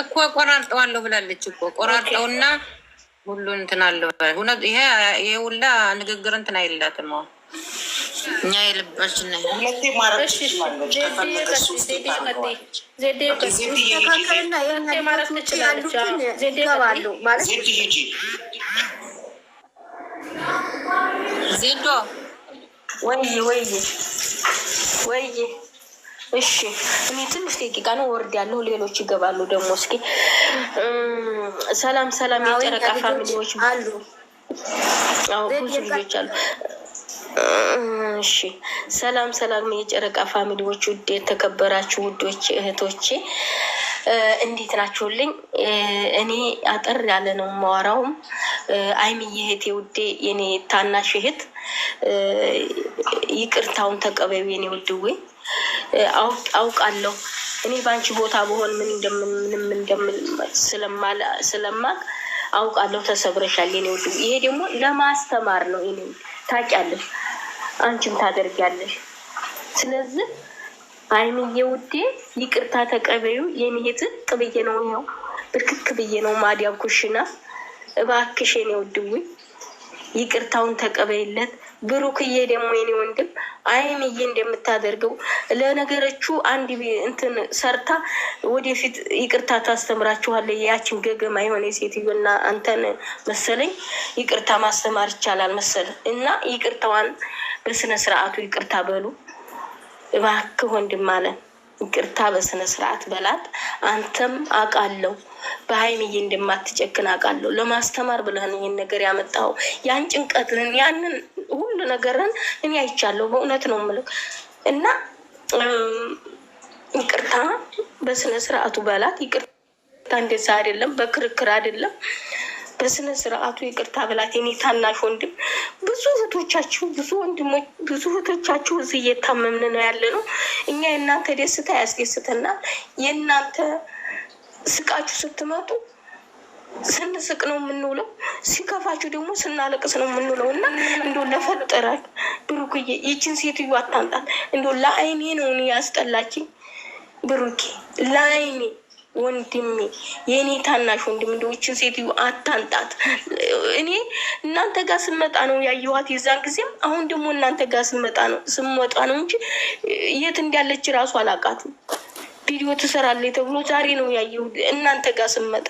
እኮ ቆራርጠዋለሁ ብላለች እኮ ቆራርጠውና ሁሉ እንትን አለው። ይሄ ይሄ ሁላ ንግግር እንትን አይላትም። እኛ የልባችን ዜዶ ወይ ወይ ወይ እሺ እኔ ትንሽ ደቂቃ ነው ወርድ ያለው፣ ሌሎች ይገባሉ ደግሞ። እስኪ ሰላም ሰላም፣ የጨረቃ ፋሚሊዎች አሉ። አዎ ብዙ ልጆች አሉ። እሺ ሰላም ሰላም፣ የጨረቃ ፋሚሊዎች ውድ የተከበራችሁ ውዶች እህቶቼ እንዴት ናችሁልኝ? እኔ አጠር ያለ ነው የማወራውም። አይሚዬ እህቴ ውዴ፣ የኔ ታናሽ እህት ይቅርታውን ተቀበዩ የኔ ውድዌ አውቃለሁ። እኔ በአንቺ ቦታ በሆን ምን ምንም እንደምን ስለማቅ አውቃለሁ። ተሰብረሻል የኔ ውድ። ይሄ ደግሞ ለማስተማር ነው። ይሄ ታውቂያለሽ፣ አንቺም ታደርጊያለሽ። ስለዚህ አይምዬ ውዴ ይቅርታ ተቀበዩ። የሚሄት ቅብዬ ነው ይኸው ብርክክ ብዬ ነው ማዲያም ኩሽና። እባክሽ የኔ ውድ ይቅርታውን ተቀበይለት። ብሩክዬ ደግሞ የኔ ወንድም አይንዬ እንደምታደርገው ለነገሮቹ አንድ እንትን ሰርታ ወደፊት ይቅርታ ታስተምራችኋለ። ያችን ገገማ የሆነ እና አንተን መሰለኝ ይቅርታ ማስተማር ይቻላል መሰል እና ይቅርታዋን በስነ ስርዓቱ ይቅርታ በሉ እባክህ ወንድም አለን ይቅርታ በስነ ስርዓት በላት። አንተም አውቃለሁ በሀይምዬ እንደማትጨክን አውቃለሁ። ለማስተማር ብለን ይህን ነገር ያመጣው ያን ጭንቀትን ያንን ነገርን እኔ አይቻለሁ። በእውነት ነው የምልህ እና ይቅርታ በስነ ስርዓቱ በላት። ይቅርታ እንደዛ አይደለም፣ በክርክር አይደለም፣ በስነ ስርዓቱ ይቅርታ በላት። የኔ ታናሽ ወንድም ብዙ እህቶቻችሁ ብዙ ወንድሞች ብዙ እህቶቻችሁ እዚህ እየታመምን ነው ያለ ነው። እኛ የእናንተ ደስታ ያስደስተናል። የእናንተ ስቃችሁ ስትመጡ ስንስቅ ነው የምንውለው፣ ሲከፋችሁ ደግሞ ስናለቅስ ነው የምንውለው። እና እንዶ ለፈጠረ ብሩክዬ ይችን ሴትዮ አታምጣት። እንዶ ለአይኔ ነው ያስጠላችኝ። ብሩኬ ለአይኔ ወንድሜ የእኔ ታናሽ ወንድም እንደ ይችን ሴትዮ አታንጣት እኔ እናንተ ጋር ስመጣ ነው ያየኋት የዛን ጊዜም፣ አሁን ደግሞ እናንተ ጋር ስመጣ ነው ስመጣ ነው እንጂ የት እንዳለች ራሱ አላቃትም። ቪዲዮ ትሰራለ ተብሎ ዛሬ ነው ያየሁት እናንተ ጋር ስመጣ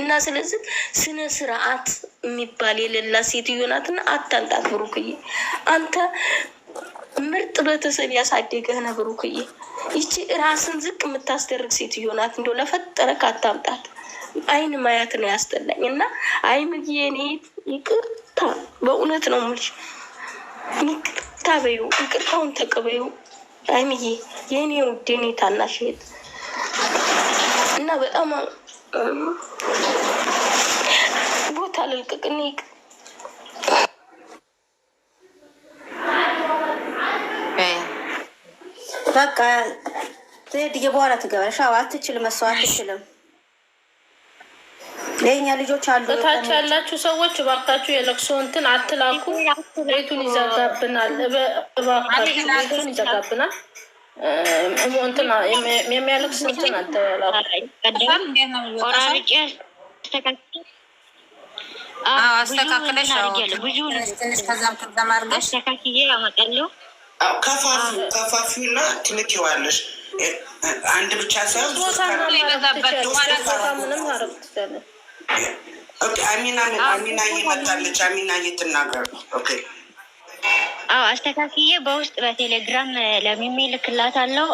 እና ስለዚህ ስነ ስርዓት የሚባል የሌላ ሴትዮ ናትና አታንጣት ብሩክዬ። አንተ ምርጥ ቤተሰብ ያሳደገህ ነህ ብሩክዬ። ይቺ ራስን ዝቅ የምታስደርግ ሴትዮ ናት። እንደው ለፈጠረክ አታምጣት። አይን ማያት ነው ያስጠላኝ። እና አይ ምግዬ እኔ ይቅርታ በእውነት ነው የምልሽ ይቅርታ በይው፣ ይቅርታውን ተቀበይው። አይምዬ የኔ ውድ የኔ ታናሽ እህት እና በጣም ቦታ ልልቅቅኔ በቃ ትሄድዬ በኋላ ትገባለሽ። አዎ አትችልም፣ እሷ አትችልም። የኛ ልጆች አሉ። እታች ያላችሁ ሰዎች እባካችሁ የለቅሶ እንትን አትላኩ። ቤቱን ይዘጋብናል፣ ቤቱን ይዘጋብናል። እንትን የሚያለቅስ እንትን አትላኩ። አስተካክለሽ ብዙ አስተካክዬ አመጣለሁ። ከፋፊው ከፋፊው እና ትልኪዋለሽ አንድ ብቻ ሳይሆን አሚና አስተካክዬ በውስጥ በቴሌግራም ለሚሜ አለው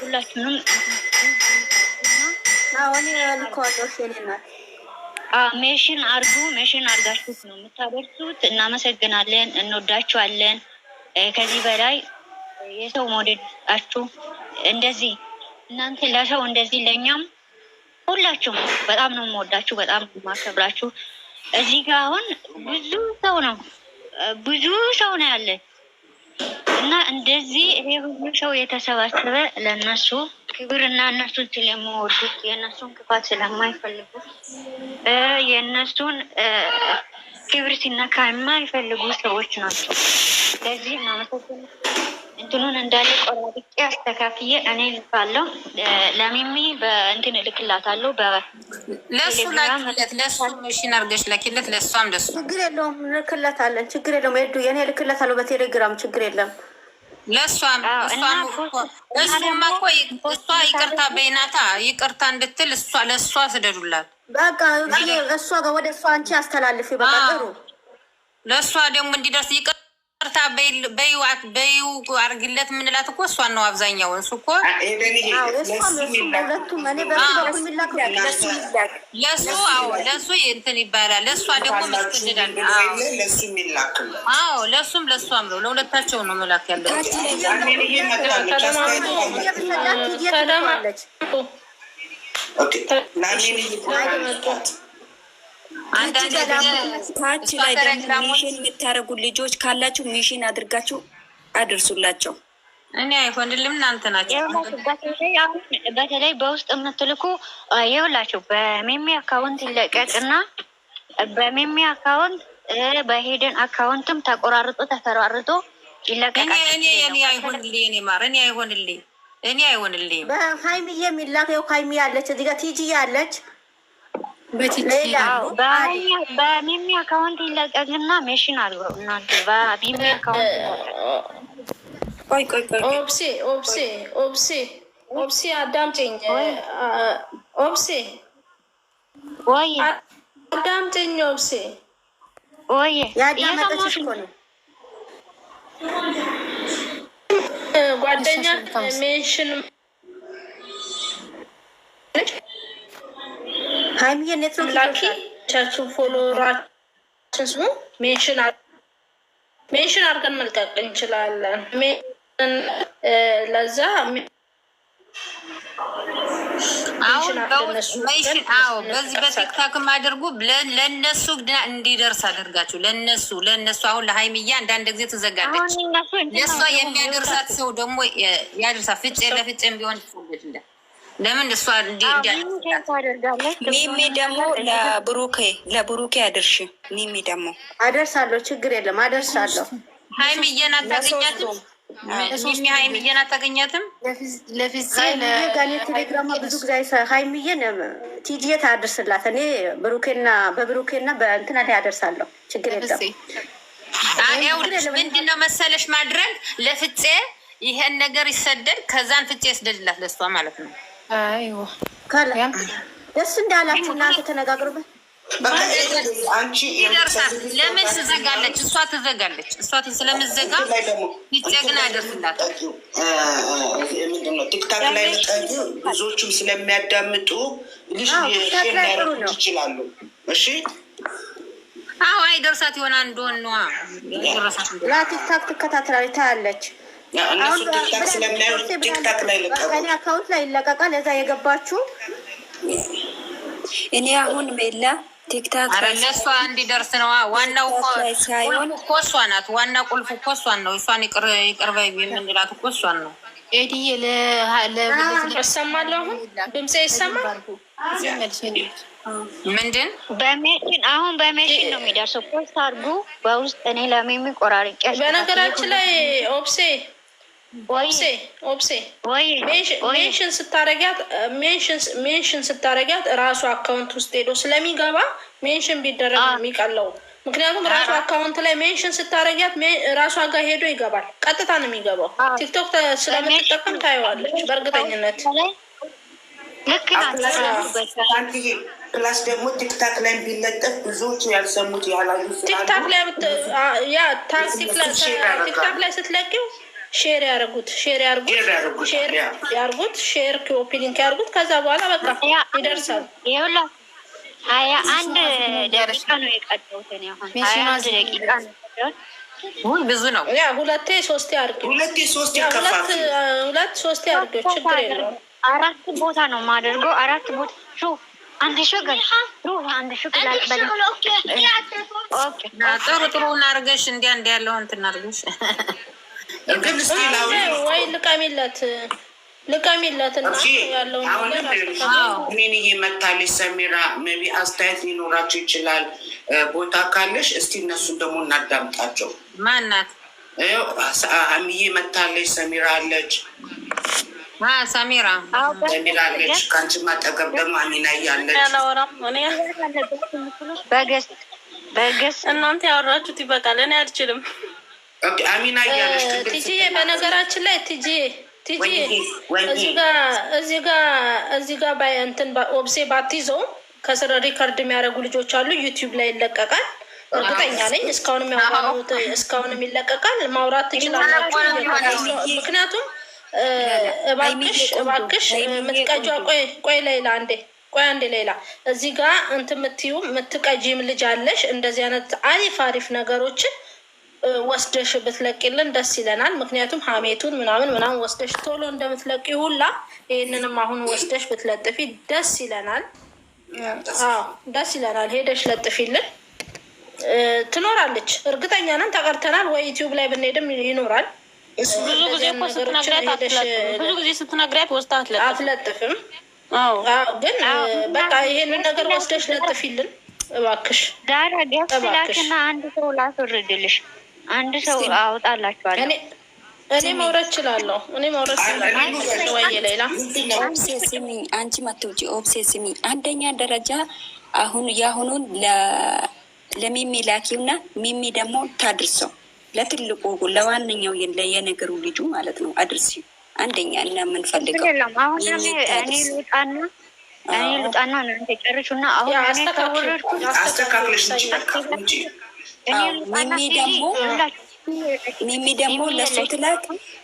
ሁላችንም ሜሽን አርጉ። ሜሽን አርጋችሁት ነው የምታደርሱት። እናመሰግናለን። እንወዳችኋለን። ከዚህ በላይ የሰው መውደዳችሁ እንደዚህ እናንተ ለሰው እንደዚህ ለእኛም ሁላችሁ በጣም ነው የምወዳችሁ፣ በጣም የማከብራችሁ። እዚህ ጋር አሁን ብዙ ሰው ነው ብዙ ሰው ነው ያለ እና እንደዚህ ይሄ ብዙ ሰው የተሰባሰበ ለእነሱ ክብርና እነሱን ስለሚወዱት የእነሱን ክፋት ስለማይፈልጉ የእነሱን ክብር ሲነካ የማይፈልጉ ሰዎች ናቸው። ለዚህ ነው እንትኑን እንዳለ ቆራርጬ አስተካክዬ እኔ ልካለው ለሚሚ በእንትን እልክላታለሁ። ለሱ ላኪለት፣ ለሱ መሽን አድርገሽ ላኪለት። ለእሷም ለሱ ችግር የለውም እልክለታለን። ችግር የለውም ዱ እኔ እልክለታለሁ በቴሌግራም ችግር የለም። ለእሷም እሱማ እኮ እሷ ይቅርታ በይናታ ይቅርታ እንድትል እሷ ለእሷ ስደዱላት በቃ እሷ ጋር ወደ እሷ አንቺ አስተላልፊ በቃ ጥሩ ለእሷ ደግሞ እንዲደርስ ይቅር ቅርታ በይው አርግለት የምንላት እኮ እሷን ነው። አብዛኛው እንሱ እኮ ለሱ ለሱ እንትን ይባላል። ለእሷ ደግሞ መስገድዳል። ለሱም ለእሷም ነው። ለሁለታቸው ነው መላክ ያለው። ታች ላይ ደግሞ ሚሽን የምታደርጉ ልጆች ካላችሁ ሚሽን አድርጋችሁ አድርሱላቸው። እኔ አይሆንልም፣ እናንተ ናቸው። በተለይ በውስጥ የምትልኩ ይኸውላችሁ፣ በሜሚ አካውንት ይለቀቅና በሜሚ አካውንት በሄደን አካውንትም ተቆራርጦ ተፈራርጦ ይለቀቃል። እኔ አይሆንልኝ፣ እኔ አይሆንልኝ፣ እኔ የሚላከው ሀይሚ ያለች እዚህ ጋ ቲጂ ያለች በሚሚ አካውንት ይለቀቅና ሜሽን አድርገው እናንተ በሚሚ አካውንት ኦብሴ ኦብሴ ኦብሴ ኦብሴ ኦብሴ ወይ አዳምጪኝ ኦብሴ ወይ ያዳመጠሽ ጓደኛ ሜሽን ሀይሚዬ ኔትወርክ ላኪ ቸርቹ ፎሎራችን ሜንሽን ሜንሽን አድርገን መልቀቅ እንችላለን። ለዛ አሁን በዚህ በቲክታክም አድርጉ። ለነሱ እንዲደርስ አድርጋችሁ ለነሱ ለነሱ አሁን ለሀይሚዬ አንዳንድ ጊዜ ትዘጋለች። ለእሷ የሚያደርሳት ሰው ደግሞ ያደርሳት። ፍጭ ለፍጭም ቢሆን ለምን እሷ ሚሚ ደግሞ ለብሩኬ ለብሩኬ አድርሽ። ሚሚ ደግሞ አደርሳለሁ፣ ችግር የለም አደርሳለሁ። ሀይሚዬን አታገኛትም? ሚሚ ሀይሚዬን አታገኛትም? ቴሌግራማ ብዙ ጊዜ ሀይሚዬን ቲጂዬ ታደርስላት። እኔ ብሩኬና በብሩኬና በእንትና ላይ አደርሳለሁ፣ ችግር የለም። ምንድነው መሰለሽ ማድረግ ለፍፄ ይሄን ነገር ይሰደድ፣ ከዛን ፍፄ ያስደድላት ለሷ ማለት ነው ደስ እንዳላችሁ እናንተ ተነጋግሩበት። ይደርሳል። ለምን ትዘጋለች? እሷ ትዘጋለች። እሷ ስለምትዘጋ ይጨግና ያደርስላታል። ምንድን ነው ቲክታክ ላይ ብዙዎቹም ስለሚያዳምጡ ይችላሉ። እሺ አዎ፣ አይ ደርሳት ይሆናል ነዋ። ቲክታክ ትከታተላለች ታያለች። ቲክታክ አካውንት ላይ ይለቀቃል። እዛ የገባችሁ እኔ አሁን ቤላ ቲክታክ ኧረ እነሷ እንዲደርስ ነው ዋናው። እኮ እሷ ናት። ዋና ቁልፍ እኮ እሷን ነው። እሷን ይቅርበ የምንላት እኮ እሷን ነው። አሁን ድምጼ ይሰማል። ምንድን በሜሽን አሁን በሜሽን ነው የሚደርሰው። ፖስት አድርጉ በውስጥ እኔ ለሚሚ በነገራችን ላይ ኦፕሴ ሜንሽን ስታረጊያት ሜንሽን ስታረጊያት ራሱ አካውንት ውስጥ ሄዶ ስለሚገባ ሜንሽን ቢደረግ የሚቀለው ምክንያቱም ራሱ አካውንት ላይ ሜንሽን ስታረጊያት ራሷ ጋር ሄዶ ይገባል። ቀጥታ ነው የሚገባው። ቲክቶክ ስለምትጠቀም ታየዋለች በእርግጠኝነት። ፕላስ ደግሞ ቲክታክ ላይ ቢለጠፍ ብዙዎቹ ያልሰሙት ያላዩ ቲክታክ ላይ ስትለቂው ሼር ያርጉት፣ ሼር ያርጉት፣ ሼር ያርጉት፣ ሼር ኪዮፒሊንክ ያርጉት። ከዛ በኋላ በቃ ይደርሳል። ይሁላ ሀያ አንድ ደቂቃ ነው የቀረሁት። ሀያ አንድ ደቂቃ ነው። ብዙ ነው። ያ ሁለቴ ሶስቴ አርጊ፣ ሁለቴ ሶስቴ ሁለት ሶስቴ አርጊ። ችግር የለውም። አራት ቦታ ነው የማደርገው። አራት ቦታ ሹ አንድ ሹግር አንድ ሹግር ጥሩ ጥሩ እናርገሽ እንዲያ እንዲያለውን ትናርገሽ ወይ ልቀሚለት ልቀሚለት እና ያለው ሰሚራ መቢ አስተያየት ሊኖራቸው ይችላል። ቦታ ካለሽ እስቲ እነሱን ደግሞ እናዳምጣቸው። ማናት አሚዬ መታለች። ሰሚራ አለች ሰሚራ አለች። ከአንቺ ማጠገብ ደግሞ አሚና እያለች በገስ እናንተ ያወራችሁት ይበቃል። እኔ አልችልም። አሚና እያለች ቲጂዬ፣ በነገራችን ላይ ቲጂ ቲጂ እዚህ ባይ እንትን ኦብሴ ባትይዘው ከስር ሪከርድ የሚያደርጉ ልጆች አሉ። ዩቲዩብ ላይ ይለቀቃል፣ እርግጠኛ ነኝ። እስካሁን ያወራሁት እስካሁንም ይለቀቃል። ማውራት ትችላላችሁ። ምክንያቱም እባክሽ እባክሽ የምትቀጇ ቆይ ቆይ፣ ሌላ አንዴ ቆይ አንዴ ሌላ እዚህ ጋ እንትን የምትዩ የምትቀጂም ልጅ አለሽ። እንደዚህ አይነት አሪፍ አሪፍ ነገሮችን ወስደሽ ብትለቂልን ደስ ይለናል። ምክንያቱም ሀሜቱን ምናምን ምናምን ወስደሽ ቶሎ እንደምትለቂ ሁላ ይህንንም አሁን ወስደሽ ብትለጥፊ ደስ ይለናል። ደስ ይለናል። ሄደሽ ለጥፊልን። ትኖራለች፣ እርግጠኛ ነን። ተቀርተናል ወይ ዩቲዩብ ላይ ብንሄድም ይኖራል። ብዙ ጊዜ ብዙ ጊዜ ስትነግሪያት ወስዳ አትለጥፍም። ግን በቃ ይሄንን ነገር ወስደሽ ለጥፊልን እባክሽ ዳራ ደስ ላትና አንድ ሰው ላስወርድልሽ አንድ ሰው አውጣላችኋለሁ። እኔ መውረድ እችላለሁ። እኔ መውረድ እችላለሁ። ወይ ሌላ ኦብሴስሚ አንቺ አንደኛ ደረጃ አሁን የአሁኑን ለሚሚ ላኪውና ሚሚ ደግሞ ታድርሰው ለትልቁ ለዋነኛው የነገሩ ልጁ ማለት ነው። አድርሲ አንደኛ እና የምንፈልገው አሁን እኔ ልውጣና እኔ ልውጣና እናንተ ጨርሹና አሁን አስተካክለሽ ሚሚ ደግሞ ለሱ ትላክ፣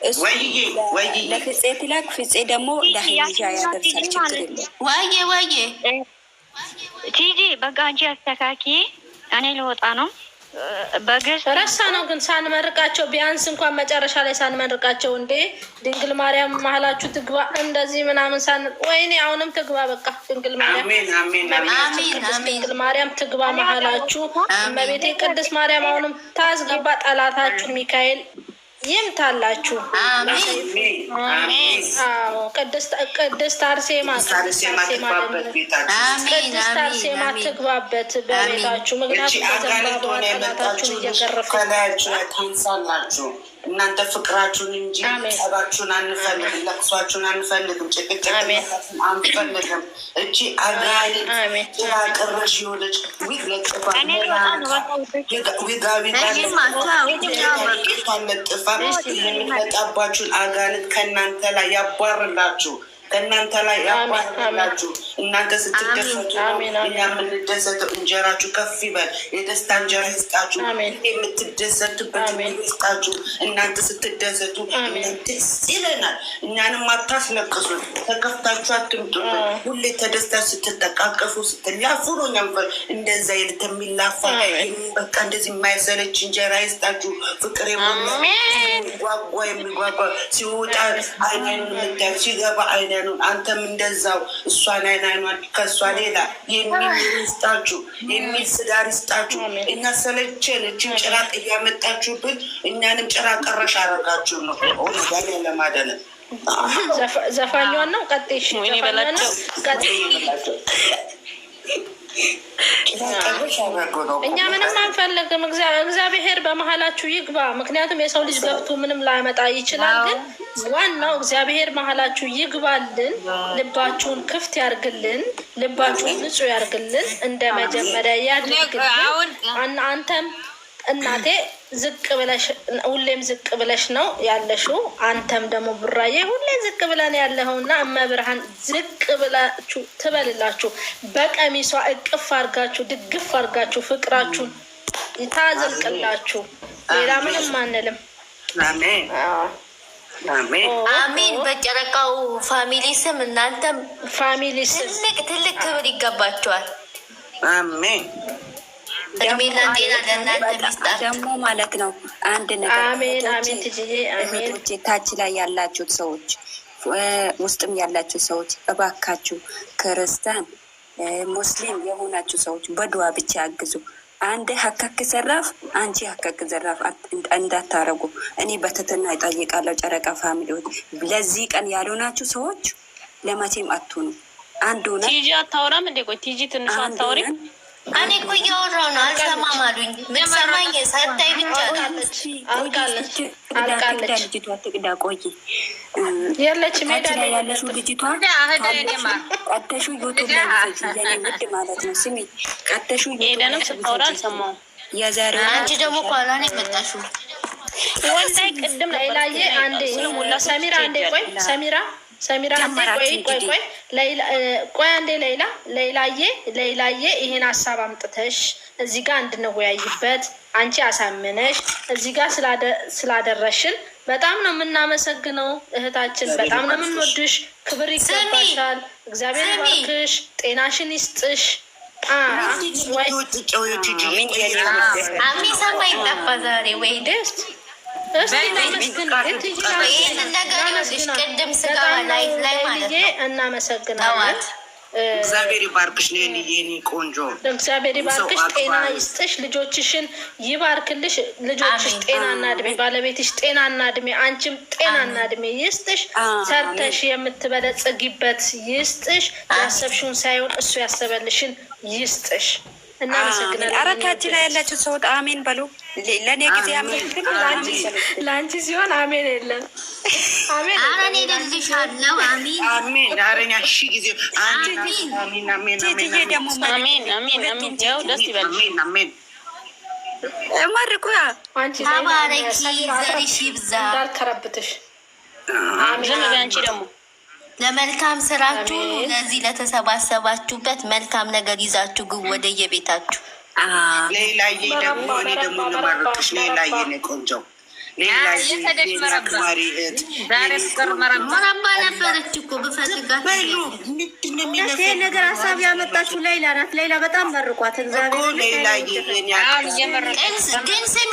እሱ ለፍፄ ትላክ፣ ፍፄ ደግሞ ለሀይሻ ያደርሳል። ችግር የለም። ወይዬ ወይዬ ቲጂ በቃ አንቺ አስተካኪ፣ እኔ ልወጣ ነው። ረሳ ነው ግን ሳንመርቃቸው ቢያንስ እንኳን መጨረሻ ላይ ሳንመርቃቸው፣ እንዴ ድንግል ማርያም መሀላችሁ ትግባ እንደዚህ ምናምን ሳን ወይኔ አሁንም ትግባ በቃ ድንግል ማርያም ማርያም ትግባ መሀላችሁ። እመቤቴ ቅድስት ማርያም አሁንም ታስገባ። ጠላታችሁ ሚካኤል ይምታላችሁ። ቅድስት አርሴማ ትግባበት በቤታችሁ ምክንያቱም ከዘንባባ ጠላታችሁን እየገረፋችሁ እናንተ ፍቅራችሁን እንጂ ጸባችሁን አንፈልግም፣ ለቅሷችሁን አንፈልግም፣ ጭቅጭቅ አንፈልግም። እቺ አጋንንት ቅራቅርሽ የሆነች ለጥፋ የሚመጣባችሁን አጋንንት ከእናንተ ላይ ያባርላችሁ፣ ከእናንተ ላይ ያባርላችሁ። እናንተ ስትደሰቱ እኛ የምንደሰተው። እንጀራችሁ ከፍ ይበል፣ የደስታ እንጀራ ይስጣችሁ፣ የምትደሰቱበት ይስጣችሁ። እናንተ ስትደሰቱ ደስ ይለናል። እኛንም አታስለቅሱ፣ ተከፍታችሁ አትምጡ። ሁሌ ተደስታ ስትጠቃቀፉ ስትላፉ ነው እኛ እንደዛ የልት የሚላፋ በቃ እንደዚህ የማይሰለች እንጀራ ይስጣችሁ። ፍቅር የሚጓጓ የሚጓጓ ሲወጣ አይነኑን የምታዩ ሲገባ አይነኑን አንተም እንደዛው እሷን አይነ አይኗል ከእሷ ሌላ የሚል ይስጣችሁ፣ የሚል ስዳር ይስጣችሁ። እኛ ሰለቸ ልችን ጭራቅ እያመጣችሁብን እኛንም ጭራ ቀረሽ አረጋችሁ ነው ዛሬ ለማደነ ዘፋኛዋን ነው ቀጤሽ ቀጤ እኛ ምንም አንፈልግም። እግዚአብሔር በመሀላችሁ ይግባ። ምክንያቱም የሰው ልጅ ገብቶ ምንም ላያመጣ ይችላል። ግን ዋናው እግዚአብሔር መሀላችሁ ይግባልን፣ ልባችሁን ክፍት ያርግልን፣ ልባችሁን ንጹህ ያርግልን፣ እንደ መጀመሪያ ያድርግልን። አንተም እናቴ ዝቅ ብለሽ ሁሌም ዝቅ ብለሽ ነው ያለሽው። አንተም ደግሞ ቡራዬ ሁሌም ዝቅ ብለን እና እመብርሃን ዝቅ ብላችሁ ትበልላችሁ። በቀሚሷ እቅፍ አርጋችሁ ድግፍ አርጋችሁ ፍቅራችሁን ታዘልቅላችሁ። ሌላ ምንም አንልም። አሜን። በጨረቃው ፋሚሊ ስም እናንተም ፋሚሊ ስም ትልቅ ትልቅ ክብር ይገባቸዋል። አሜን። እድሜና ጤና ለእናንተ ሚስጣት ደግሞ ማለት ነው። አንድ ነገር ታች ላይ ያላችሁት ሰዎች፣ ውስጥም ያላችሁ ሰዎች እባካችሁ ክርስቲያን ሙስሊም የሆናችሁ ሰዎች በድዋ ብቻ ያግዙ። አንድ ሀካክ ዘራፍ አንቺ ሀካክ ዘራፍ እንዳታረጉ እኔ በትህትና እጠይቃለሁ። ጨረቃ ፋሚሊዎች ለዚህ ቀን ያልሆናችሁ ሰዎች ለመቼም አትሆኑ። አንዱ ነ ቲጂ አታወራም እንዴ? ቆይ ቲጂ ትንሹ አታወሪም እኔ እኮ እያወራሁ ነው። አልሰማም አሉኝ። የምትሰማኝ ሳታይ ብቻ ትቅዳ። ቆይ የለችም ያለችው ልጅቷ ቀተሹ ዩቱብ ውድ ማለት ነው። ስሚ ቀተሹ ሄደንም ስታወራ አልሰማሁም። የዛሬ አንቺ ደግሞ ኋላ ነው የመጣሽው። ወንዳይ ቅድም ላይ ላየ አንዴ ሰሚራ አንዴ ቆይ ሰሚራ ሰሚራ ቆይ ቆይ አንዴ ሌላ ሌላዬ ሌላዬ ይሄን ሀሳብ አምጥተሽ እዚህ ጋር እንድንወያይበት አንቺ አሳምነሽ እዚህ ጋር ስላደረሽን በጣም ነው የምናመሰግነው እህታችን፣ በጣም ነው የምንወድሽ። ክብር ይገባሻል። እግዚአብሔር ይባርክሽ፣ ጤናሽን ይስጥሽ። ሚሰማ ይጠፋ ዛሬ ወይ ደስ እናመሰግናለን። እግዚአብሔር ይባርክሽ የኔ ቆንጆ፣ እግዚአብሔር ይባርክሽ፣ ጤና ይስጥሽ፣ ልጆችሽን ይባርክልሽ። ልጆችሽ ጤናና እድሜ፣ ባለቤትሽ ጤናና እድሜ፣ አንቺም ጤናና እድሜ ይስጥሽ። ሰርተሽ የምትበለጽጊበት ይስጥሽ። ያሰብሽውን ሳይሆን እሱ ያሰበልሽን ይስጥሽ። አረታችን ላይ ያላችሁ ሰው አሜን በሉ። ለእኔ ጊዜ አሜን ለአንቺ ሲሆን አሜን የለም። አሜን ደግሞ ለመልካም ስራችሁ ለዚህ ለተሰባሰባችሁበት መልካም ነገር ይዛችሁ ግቡ ወደ የቤታችሁ። ሌላዬ ደግሞ እኔ ደግሞ ሌላዬ ቆንጆ ነገር ሀሳብ ያመጣችሁ ሌላ ናት። ሌላ በጣም መርቋት እግዚአብሔር ግን ስሚ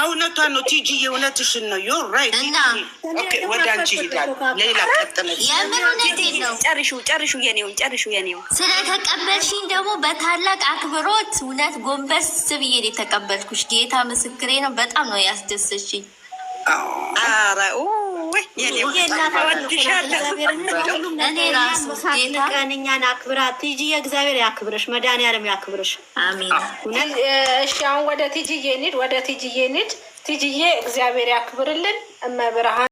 እውነቷን ነው ቲጂ፣ የእውነትሽን ነው። ዮ ራይት ወደ አንቺ ሄዳል። ሌላ ቀጥለሽ ጨርሹ፣ ጨርሹ፣ የኔውን ጨርሹ፣ የኔውን ስለተቀበልሽኝ ደግሞ በታላቅ አክብሮት እውነት ጎንበስ ብዬ ነው የተቀበልኩሽ። ጌታ ምስክሬ ነው። በጣም ነው ያስደሰሽኝ። እኔ ራሱ ቀን እኛን ያክብርሽ፣ መድኃኒዓለም ያክብርሽ። እሺ አሁን ወደ ቲጂዬ እንሂድ፣ ወደ ቲጂዬ እንሂድ። ቲጂዬ እግዚአብሔር ያክብርልን እመብርሃን